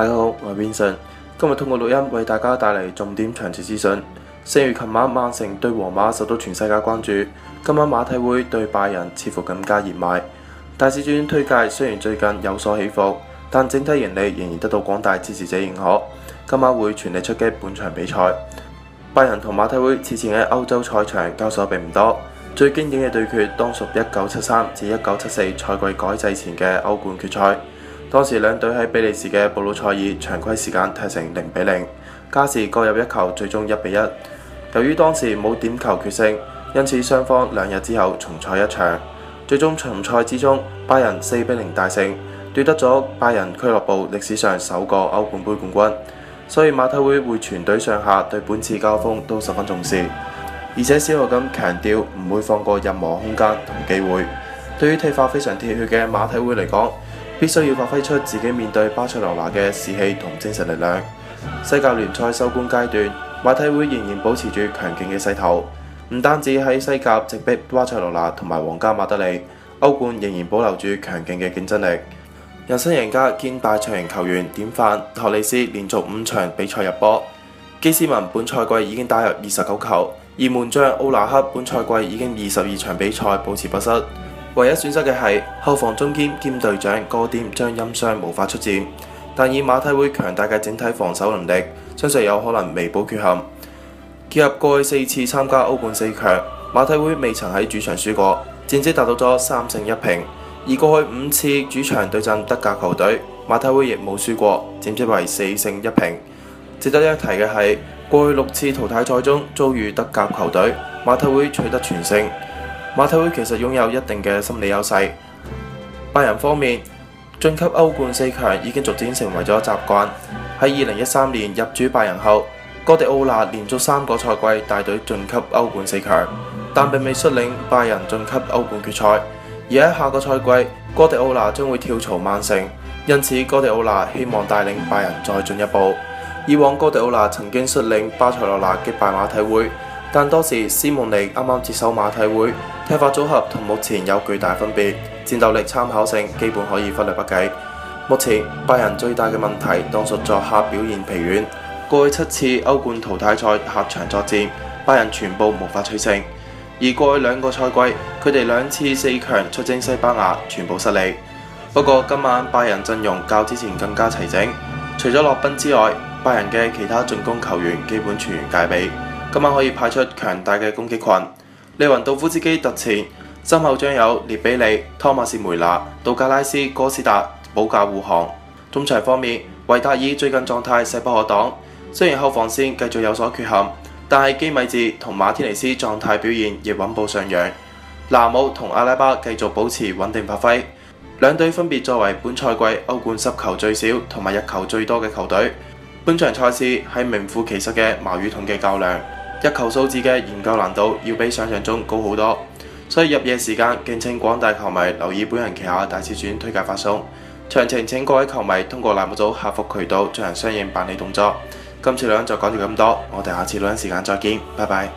大家好，我係 Vincent，今日通過錄音為大家帶嚟重點長詞資訊。四月琴晚曼城對皇馬受到全世界關注，今晚馬體會對拜仁似乎更加熱賣。大市專推介，雖然最近有所起伏，但整體盈利仍然得到廣大支持者認可。今晚會全力出擊本場比賽。拜仁同馬體會此前喺歐洲賽場交手並唔多，最經典嘅對決當屬一九七三至一九七四賽季改制前嘅歐冠決賽。當時兩隊喺比利時嘅布魯塞爾，常規時間踢成零比零，加時各入一球，最終一比一。由於當時冇點球決勝，因此雙方兩日之後重賽一場，最終重賽之中，拜仁四比零大勝，奪得咗拜仁俱樂部歷史上首個歐冠杯冠軍。所以馬體會會全隊上下對本次交鋒都十分重視，而且小學咁強調唔會放過任何空間同機會。對於踢法非常鐵血嘅馬體會嚟講，必須要發揮出自己面對巴塞羅那嘅士氣同精神力量。西甲聯賽收官階段，馬體會仍然保持住強勁嘅勢頭，唔單止喺西甲直逼巴塞羅那同埋皇家馬德里，歐冠仍然保留住強勁嘅競爭力。人生贏家兼大場型球員典範托利斯連續五場比賽入波，基斯文本賽季已經打入二十九球，而門將奧拉克本賽季已經二十二場比賽保持不失。唯一損失嘅係後防中堅兼隊長哥甸將因傷無法出戰，但以馬體會強大嘅整體防守能力，相信有可能彌補缺陷。結合過去四次參加歐冠四強，馬體會未曾喺主場輸過，戰績達到咗三勝一平；而過去五次主場對陣德甲球隊，馬體會亦冇輸過，戰績為四勝一平。值得一提嘅係，過去六次淘汰賽中遭遇德甲球隊，馬體會取得全勝。馬體會其實擁有一定嘅心理優勢。拜仁方面晉級歐冠四強已經逐漸成為咗習慣。喺二零一三年入主拜仁後，哥迪奧納連續三個賽季帶隊晉級歐冠四強，但並未率領拜仁晉級歐冠決賽。而喺下個賽季，哥迪奧納將會跳槽曼城，因此哥迪奧納希望帶領拜仁再進一步。以往哥迪奧納曾經率領巴塞羅那擊敗馬體會。但當時斯蒙尼啱啱接手馬體會踢法組合，同目前有巨大分別，戰鬥力參考性基本可以忽略不計。目前拜仁最大嘅問題當屬作客表現疲軟，過去七次歐冠淘汰賽客場作戰，拜仁全部無法取勝。而過去兩個賽季，佢哋兩次四強出征西班牙全部失利。不過今晚拜仁陣容較之前更加齊整，除咗洛賓之外，拜仁嘅其他進攻球員基本全員戒備。今晚可以派出強大嘅攻擊群，利雲道夫斯基突前，身後將有列比利、托馬斯梅拿、杜加拉斯、哥斯達保駕護航。中場方面，維達爾最近狀態勢不可擋，雖然後防線繼續有所缺陷，但係基米治同馬天尼斯狀態表現亦穩步上揚。納姆同阿拉巴繼續保持穩定發揮。兩隊分別作為本賽季歐冠失球最少同埋入球最多嘅球隊，本場賽事係名副其實嘅矛與盾嘅較量。一球數字嘅研究難度要比想象中高好多，所以入夜時間敬請廣大球迷留意本人旗下大市轉推介發送，詳情請各位球迷通過欄目組客服渠道進行相應辦理動作。今次兩日就講住咁多，我哋下次兩日時間再見，拜拜。